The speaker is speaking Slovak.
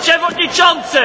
Przewodniczący!